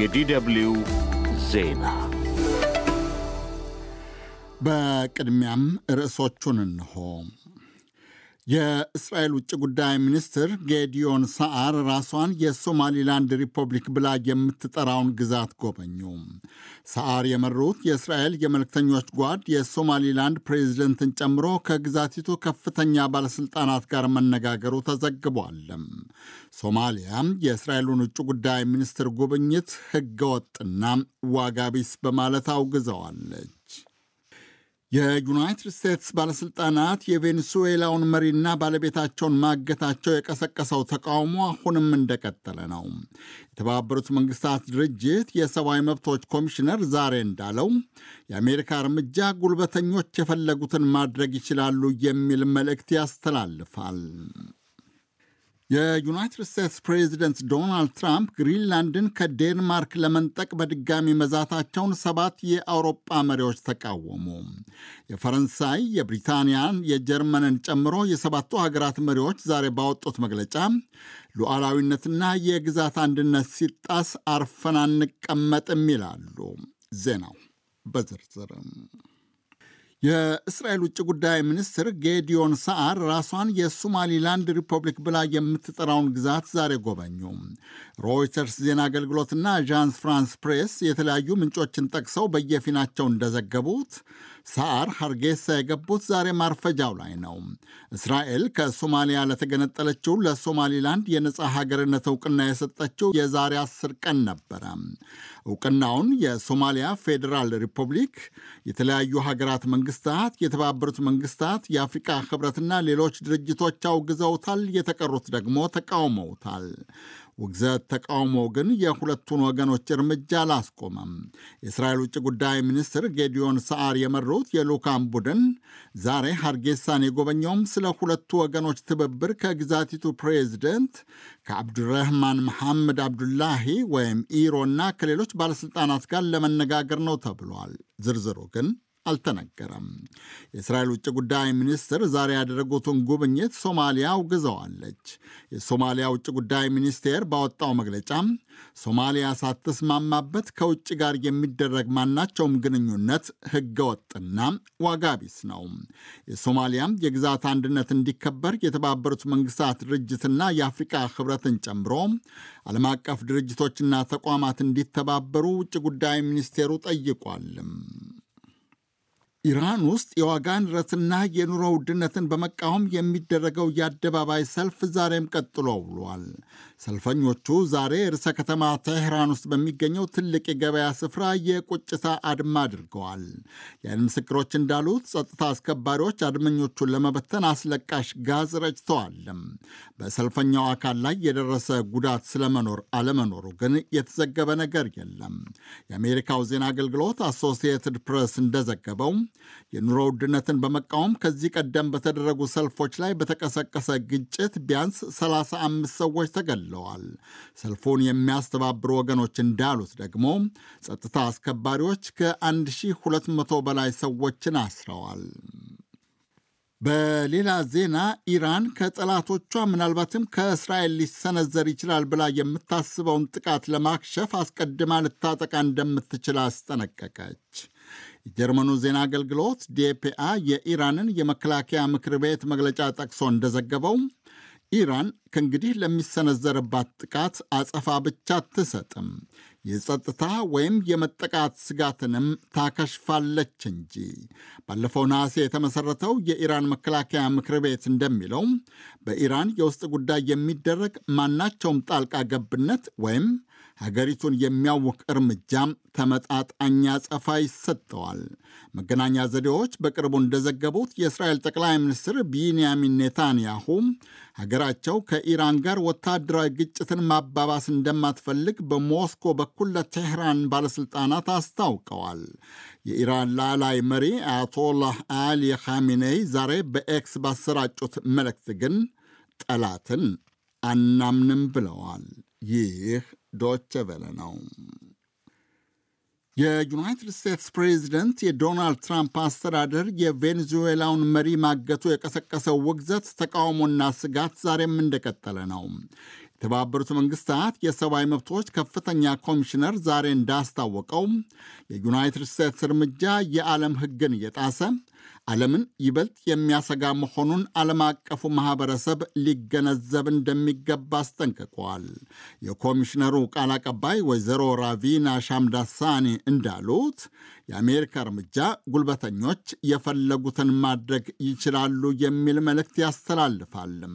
የዲደብሊው ዜና በቅድሚያም ርዕሶቹን እንሆም የእስራኤል ውጭ ጉዳይ ሚኒስትር ጌዲዮን ሰዓር ራሷን የሶማሊላንድ ሪፐብሊክ ብላ የምትጠራውን ግዛት ጎበኙ። ሰዓር የመሩት የእስራኤል የመልክተኞች ጓድ የሶማሊላንድ ፕሬዚደንትን ጨምሮ ከግዛቲቱ ከፍተኛ ባለሥልጣናት ጋር መነጋገሩ ተዘግቧል። ሶማሊያ የእስራኤሉን ውጭ ጉዳይ ሚኒስትር ጉብኝት ሕገወጥና ዋጋ በማለት አውግዘዋለች። የዩናይትድ ስቴትስ ባለሥልጣናት የቬንሱዌላውን መሪና ባለቤታቸውን ማገታቸው የቀሰቀሰው ተቃውሞ አሁንም እንደቀጠለ ነው። የተባበሩት መንግሥታት ድርጅት የሰብአዊ መብቶች ኮሚሽነር ዛሬ እንዳለው የአሜሪካ እርምጃ ጉልበተኞች የፈለጉትን ማድረግ ይችላሉ የሚል መልእክት ያስተላልፋል። የዩናይትድ ስቴትስ ፕሬዚደንት ዶናልድ ትራምፕ ግሪንላንድን ከዴንማርክ ለመንጠቅ በድጋሚ መዛታቸውን ሰባት የአውሮጳ መሪዎች ተቃወሙ። የፈረንሳይ፣ የብሪታንያን፣ የጀርመንን ጨምሮ የሰባቱ ሀገራት መሪዎች ዛሬ ባወጡት መግለጫ ሉዓላዊነትና የግዛት አንድነት ሲጣስ አርፈን አንቀመጥም ይላሉ። ዜናው በዝርዝርም የእስራኤል ውጭ ጉዳይ ሚኒስትር ጌዲዮን ሰዓር ራሷን የሶማሊላንድ ሪፐብሊክ ብላ የምትጠራውን ግዛት ዛሬ ጎበኙ። ሮይተርስ ዜና አገልግሎትና አዣንስ ፍራንስ ፕሬስ የተለያዩ ምንጮችን ጠቅሰው በየፊናቸው እንደዘገቡት ሳር ሐርጌሳ የገቡት ዛሬ ማርፈጃው ላይ ነው። እስራኤል ከሶማሊያ ለተገነጠለችው ለሶማሊላንድ የነፃ ሀገርነት እውቅና የሰጠችው የዛሬ አስር ቀን ነበረ። እውቅናውን የሶማሊያ ፌዴራል ሪፐብሊክ፣ የተለያዩ ሀገራት መንግስታት፣ የተባበሩት መንግስታት፣ የአፍሪቃ ህብረትና ሌሎች ድርጅቶች አውግዘውታል። የተቀሩት ደግሞ ተቃውመውታል። ውግዘት፣ ተቃውሞ ግን የሁለቱን ወገኖች እርምጃ አላስቆመም። የእስራኤል ውጭ ጉዳይ ሚኒስትር ጌዲዮን ሰዓር የመሩት የልዑካን ቡድን ዛሬ ሀርጌሳን የጎበኘውም ስለ ሁለቱ ወገኖች ትብብር ከግዛቲቱ ፕሬዚደንት ከአብዱረህማን መሐመድ አብዱላሂ ወይም ኢሮና ከሌሎች ባለሥልጣናት ጋር ለመነጋገር ነው ተብሏል። ዝርዝሩ ግን አልተነገረም። የእስራኤል ውጭ ጉዳይ ሚኒስትር ዛሬ ያደረጉትን ጉብኝት ሶማሊያ አውግዘዋለች። የሶማሊያ ውጭ ጉዳይ ሚኒስቴር ባወጣው መግለጫ ሶማሊያ ሳትስማማበት ከውጭ ጋር የሚደረግ ማናቸውም ግንኙነት ህገወጥና ዋጋ ቢስ ነው። የሶማሊያ የግዛት አንድነት እንዲከበር የተባበሩት መንግስታት ድርጅትና የአፍሪቃ ህብረትን ጨምሮ ዓለም አቀፍ ድርጅቶችና ተቋማት እንዲተባበሩ ውጭ ጉዳይ ሚኒስቴሩ ጠይቋል። ኢራን ውስጥ የዋጋ ንረትና የኑሮ ውድነትን በመቃወም የሚደረገው የአደባባይ ሰልፍ ዛሬም ቀጥሎ ውሏል። ሰልፈኞቹ ዛሬ ርዕሰ ከተማ ቴህራን ውስጥ በሚገኘው ትልቅ የገበያ ስፍራ የቁጭታ አድማ አድርገዋል። የዓይን ምስክሮች እንዳሉት ጸጥታ አስከባሪዎች አድመኞቹን ለመበተን አስለቃሽ ጋዝ ረጭተዋልም። በሰልፈኛው አካል ላይ የደረሰ ጉዳት ስለመኖር አለመኖሩ ግን የተዘገበ ነገር የለም። የአሜሪካው ዜና አገልግሎት አሶሲየትድ ፕሬስ እንደዘገበው የኑሮ ውድነትን በመቃወም ከዚህ ቀደም በተደረጉ ሰልፎች ላይ በተቀሰቀሰ ግጭት ቢያንስ 35 ሰዎች ተገድለዋል። ሰልፉን የሚያስተባብሩ ወገኖች እንዳሉት ደግሞ ጸጥታ አስከባሪዎች ከ1200 በላይ ሰዎችን አስረዋል። በሌላ ዜና ኢራን ከጠላቶቿ ምናልባትም ከእስራኤል ሊሰነዘር ይችላል ብላ የምታስበውን ጥቃት ለማክሸፍ አስቀድማ ልታጠቃ እንደምትችል አስጠነቀቀች። የጀርመኑ ዜና አገልግሎት ዲፒአ የኢራንን የመከላከያ ምክር ቤት መግለጫ ጠቅሶ እንደዘገበው ኢራን ከእንግዲህ ለሚሰነዘርባት ጥቃት አጸፋ ብቻ አትሰጥም፣ የጸጥታ ወይም የመጠቃት ስጋትንም ታከሽፋለች እንጂ። ባለፈው ነሐሴ የተመሠረተው የኢራን መከላከያ ምክር ቤት እንደሚለው በኢራን የውስጥ ጉዳይ የሚደረግ ማናቸውም ጣልቃ ገብነት ወይም ሀገሪቱን የሚያውክ እርምጃም ተመጣጣኝ አጸፋ ይሰጠዋል። መገናኛ ዘዴዎች በቅርቡ እንደዘገቡት የእስራኤል ጠቅላይ ሚኒስትር ቢንያሚን ኔታንያሁ ሀገራቸው ከኢራን ጋር ወታደራዊ ግጭትን ማባባስ እንደማትፈልግ በሞስኮ በኩል ለቴህራን ባለሥልጣናት አስታውቀዋል። የኢራን ላላይ መሪ አያቶላህ አሊ ኻሜኔይ ዛሬ በኤክስ ባሰራጩት መልእክት ግን ጠላትን አናምንም ብለዋል። ይህ ዶች ቬለ ነው። የዩናይትድ ስቴትስ ፕሬዚደንት የዶናልድ ትራምፕ አስተዳደር የቬኔዙዌላውን መሪ ማገቱ የቀሰቀሰው ውግዘት፣ ተቃውሞና ስጋት ዛሬም እንደቀጠለ ነው። የተባበሩት መንግስታት የሰብአዊ መብቶች ከፍተኛ ኮሚሽነር ዛሬ እንዳስታወቀው የዩናይትድ ስቴትስ እርምጃ የዓለም ሕግን እየጣሰ ዓለምን ይበልጥ የሚያሰጋ መሆኑን ዓለም አቀፉ ማህበረሰብ ሊገነዘብ እንደሚገባ አስጠንቅቋል። የኮሚሽነሩ ቃል አቀባይ ወይዘሮ ራቪና ሻምዳሳኒ እንዳሉት የአሜሪካ እርምጃ ጉልበተኞች የፈለጉትን ማድረግ ይችላሉ የሚል መልእክት ያስተላልፋልም።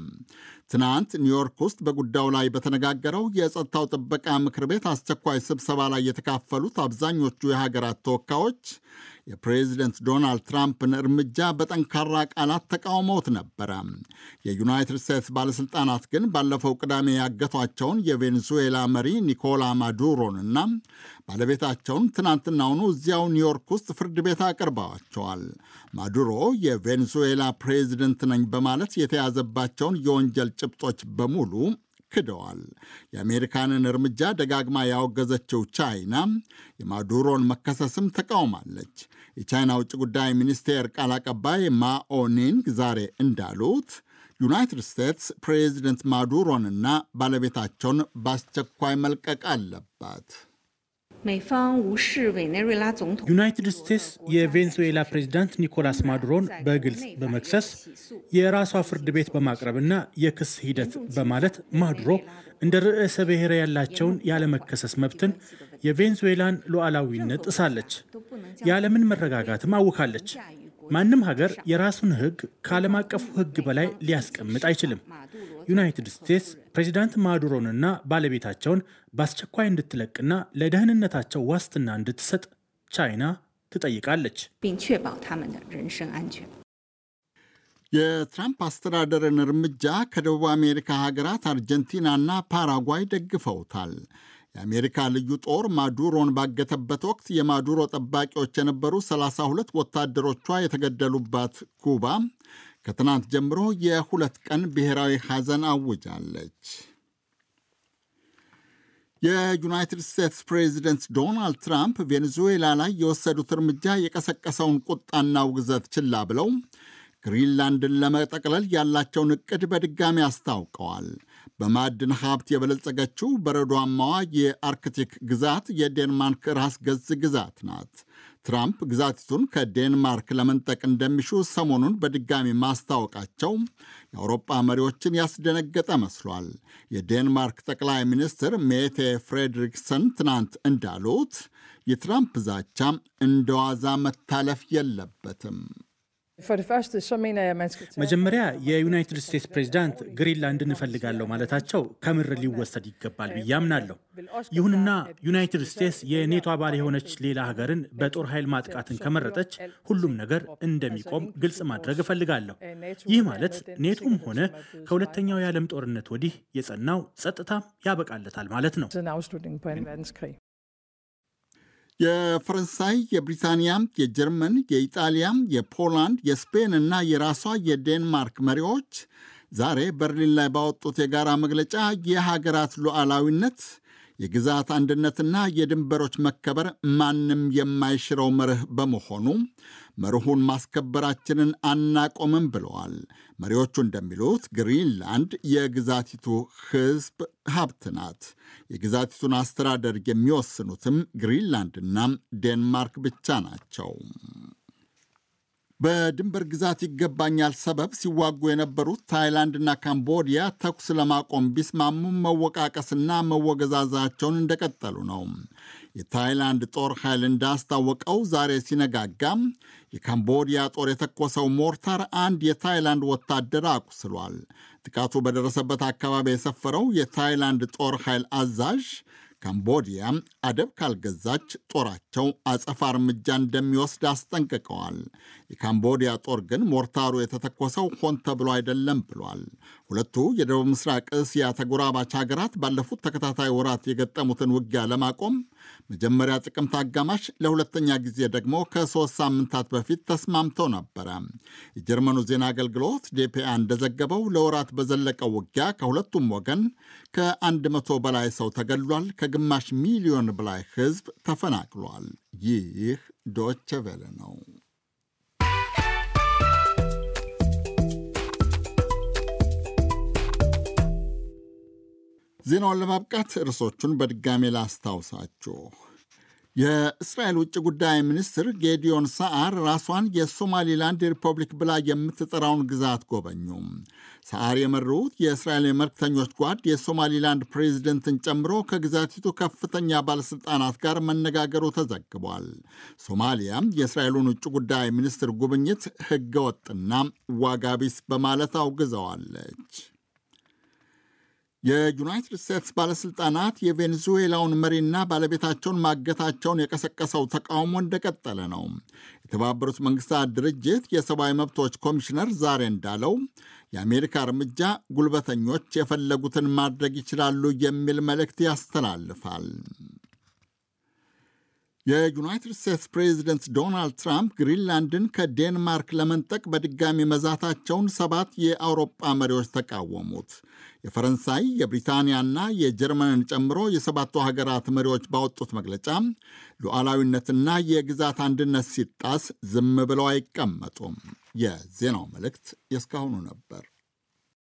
ትናንት ኒውዮርክ ውስጥ በጉዳዩ ላይ በተነጋገረው የጸጥታው ጥበቃ ምክር ቤት አስቸኳይ ስብሰባ ላይ የተካፈሉት አብዛኞቹ የሀገራት ተወካዮች የፕሬዚደንት ዶናልድ ትራምፕን እርምጃ በጠንካራ ቃላት ተቃውመውት ነበረ። የዩናይትድ ስቴትስ ባለሥልጣናት ግን ባለፈው ቅዳሜ ያገቷቸውን የቬንዙዌላ መሪ ኒኮላ ማዱሮንና ባለቤታቸውን ትናንትናውኑ እዚያው ኒውዮርክ ውስጥ ፍርድ ቤት አቅርበዋቸዋል። ማዱሮ የቬንዙዌላ ፕሬዚደንት ነኝ በማለት የተያዘባቸውን የወንጀል ጭብጦች በሙሉ ክደዋል። የአሜሪካንን እርምጃ ደጋግማ ያወገዘችው ቻይና የማዱሮን መከሰስም ተቃውማለች። የቻይና ውጭ ጉዳይ ሚኒስቴር ቃል አቀባይ ማኦኒንግ ዛሬ እንዳሉት ዩናይትድ ስቴትስ ፕሬዚደንት ማዱሮንና ባለቤታቸውን በአስቸኳይ መልቀቅ አለባት። 美方无视委内瑞拉总统。ዩናይትድ ስቴትስ የቬንዙዌላ ፕሬዚዳንት ኒኮላስ ማዱሮን በግልጽ በመክሰስ የራሷ ፍርድ ቤት በማቅረብና የክስ ሂደት በማለት ማዱሮ እንደ ርዕሰ ብሔር ያላቸውን ያለመከሰስ መብትን የቬንዙዌላን ሉዓላዊነት ጥሳለች፣ የዓለምን መረጋጋትም አውካለች። ማንም ሀገር የራሱን ህግ ከዓለም አቀፉ ህግ በላይ ሊያስቀምጥ አይችልም። ዩናይትድ ስቴትስ ፕሬዚዳንት ማዱሮንና ባለቤታቸውን በአስቸኳይ እንድትለቅና ለደህንነታቸው ዋስትና እንድትሰጥ ቻይና ትጠይቃለች። የትራምፕ አስተዳደርን እርምጃ ከደቡብ አሜሪካ ሀገራት አርጀንቲናና ፓራጓይ ደግፈውታል። የአሜሪካ ልዩ ጦር ማዱሮን ባገተበት ወቅት የማዱሮ ጠባቂዎች የነበሩ 32 ወታደሮቿ የተገደሉባት ኩባ ከትናንት ጀምሮ የሁለት ቀን ብሔራዊ ሐዘን አውጃለች። የዩናይትድ ስቴትስ ፕሬዚደንት ዶናልድ ትራምፕ ቬኔዙዌላ ላይ የወሰዱት እርምጃ የቀሰቀሰውን ቁጣና ውግዘት ችላ ብለው ግሪንላንድን ለመጠቅለል ያላቸውን ዕቅድ በድጋሚ አስታውቀዋል። በማዕድን ሀብት የበለጸገችው በረዷማዋ የአርክቲክ ግዛት የዴንማርክ ራስ ገዝ ግዛት ናት። ትራምፕ ግዛቲቱን ከዴንማርክ ለመንጠቅ እንደሚሹ ሰሞኑን በድጋሚ ማስታወቃቸው የአውሮጳ መሪዎችን ያስደነገጠ መስሏል። የዴንማርክ ጠቅላይ ሚኒስትር ሜቴ ፍሬድሪክሰን ትናንት እንዳሉት የትራምፕ ዛቻ እንደዋዛ መታለፍ የለበትም። Uh, uh, መጀመሪያ የዩናይትድ ስቴትስ ፕሬዚዳንት ግሪንላንድን እንፈልጋለሁ ማለታቸው ከምር ሊወሰድ ይገባል ብዬ አምናለሁ። ይሁንና ዩናይትድ ስቴትስ የኔቶ አባል የሆነች ሌላ ሀገርን በጦር ኃይል ማጥቃትን ከመረጠች ሁሉም ነገር እንደሚቆም ግልጽ ማድረግ እፈልጋለሁ። ይህ ማለት ኔቶም ሆነ ከሁለተኛው የዓለም ጦርነት ወዲህ የጸናው ጸጥታም ያበቃለታል ማለት ነው። የፈረንሳይ፣ የብሪታንያ፣ የጀርመን፣ የኢጣሊያ፣ የፖላንድ፣ የስፔን እና የራሷ የዴንማርክ መሪዎች ዛሬ በርሊን ላይ ባወጡት የጋራ መግለጫ የሀገራት ሉዓላዊነት የግዛት አንድነትና የድንበሮች መከበር ማንም የማይሽረው መርህ በመሆኑ መርሁን ማስከበራችንን አናቆምም ብለዋል። መሪዎቹ እንደሚሉት ግሪንላንድ የግዛቲቱ ሕዝብ ሀብት ናት። የግዛቲቱን አስተዳደር የሚወስኑትም ግሪንላንድና ዴንማርክ ብቻ ናቸው። በድንበር ግዛት ይገባኛል ሰበብ ሲዋጉ የነበሩት ታይላንድና ካምቦዲያ ተኩስ ለማቆም ቢስማሙም መወቃቀስና መወገዛዛቸውን እንደቀጠሉ ነው። የታይላንድ ጦር ኃይል እንዳስታወቀው ዛሬ ሲነጋጋም የካምቦዲያ ጦር የተኮሰው ሞርታር አንድ የታይላንድ ወታደር አቁስሏል። ጥቃቱ በደረሰበት አካባቢ የሰፈረው የታይላንድ ጦር ኃይል አዛዥ ካምቦዲያ አደብ ካልገዛች ጦራቸው አጸፋ እርምጃ እንደሚወስድ አስጠንቅቀዋል። የካምቦዲያ ጦር ግን ሞርታሩ የተተኮሰው ሆን ተብሎ አይደለም ብሏል። ሁለቱ የደቡብ ምስራቅ እስያ ተጎራባች ሀገራት ባለፉት ተከታታይ ወራት የገጠሙትን ውጊያ ለማቆም መጀመሪያ ጥቅምት አጋማሽ፣ ለሁለተኛ ጊዜ ደግሞ ከሶስት ሳምንታት በፊት ተስማምተው ነበረ። የጀርመኑ ዜና አገልግሎት ዴፒአ እንደዘገበው ለወራት በዘለቀው ውጊያ ከሁለቱም ወገን ከ100 በላይ ሰው ተገድሏል፣ ከግማሽ ሚሊዮን በላይ ሕዝብ ተፈናቅሏል። ይህ ዶቸቨለ ነው። ዜናውን ለማብቃት ርዕሶቹን በድጋሜ ላስታውሳችሁ። የእስራኤል ውጭ ጉዳይ ሚኒስትር ጌዲዮን ሰዓር ራሷን የሶማሊላንድ ሪፐብሊክ ብላ የምትጠራውን ግዛት ጎበኙ። ሰዓር የመሩት የእስራኤል መልክተኞች ጓድ የሶማሊላንድ ፕሬዚደንትን ጨምሮ ከግዛቲቱ ከፍተኛ ባለሥልጣናት ጋር መነጋገሩ ተዘግቧል። ሶማሊያ የእስራኤሉን ውጭ ጉዳይ ሚኒስትር ጉብኝት ሕገወጥና ዋጋቢስ በማለት አውግዘዋለች። የዩናይትድ ስቴትስ ባለስልጣናት የቬኔዙዌላውን መሪና ባለቤታቸውን ማገታቸውን የቀሰቀሰው ተቃውሞ እንደቀጠለ ነው። የተባበሩት መንግስታት ድርጅት የሰብአዊ መብቶች ኮሚሽነር ዛሬ እንዳለው የአሜሪካ እርምጃ ጉልበተኞች የፈለጉትን ማድረግ ይችላሉ የሚል መልእክት ያስተላልፋል። የዩናይትድ ስቴትስ ፕሬዚደንት ዶናልድ ትራምፕ ግሪንላንድን ከዴንማርክ ለመንጠቅ በድጋሚ መዛታቸውን ሰባት የአውሮጳ መሪዎች ተቃወሙት። የፈረንሳይ የብሪታንያና የጀርመንን ጨምሮ የሰባቱ ሀገራት መሪዎች ባወጡት መግለጫ ሉዓላዊነትና የግዛት አንድነት ሲጣስ ዝም ብለው አይቀመጡም። የዜናው መልእክት የእስካሁኑ ነበር።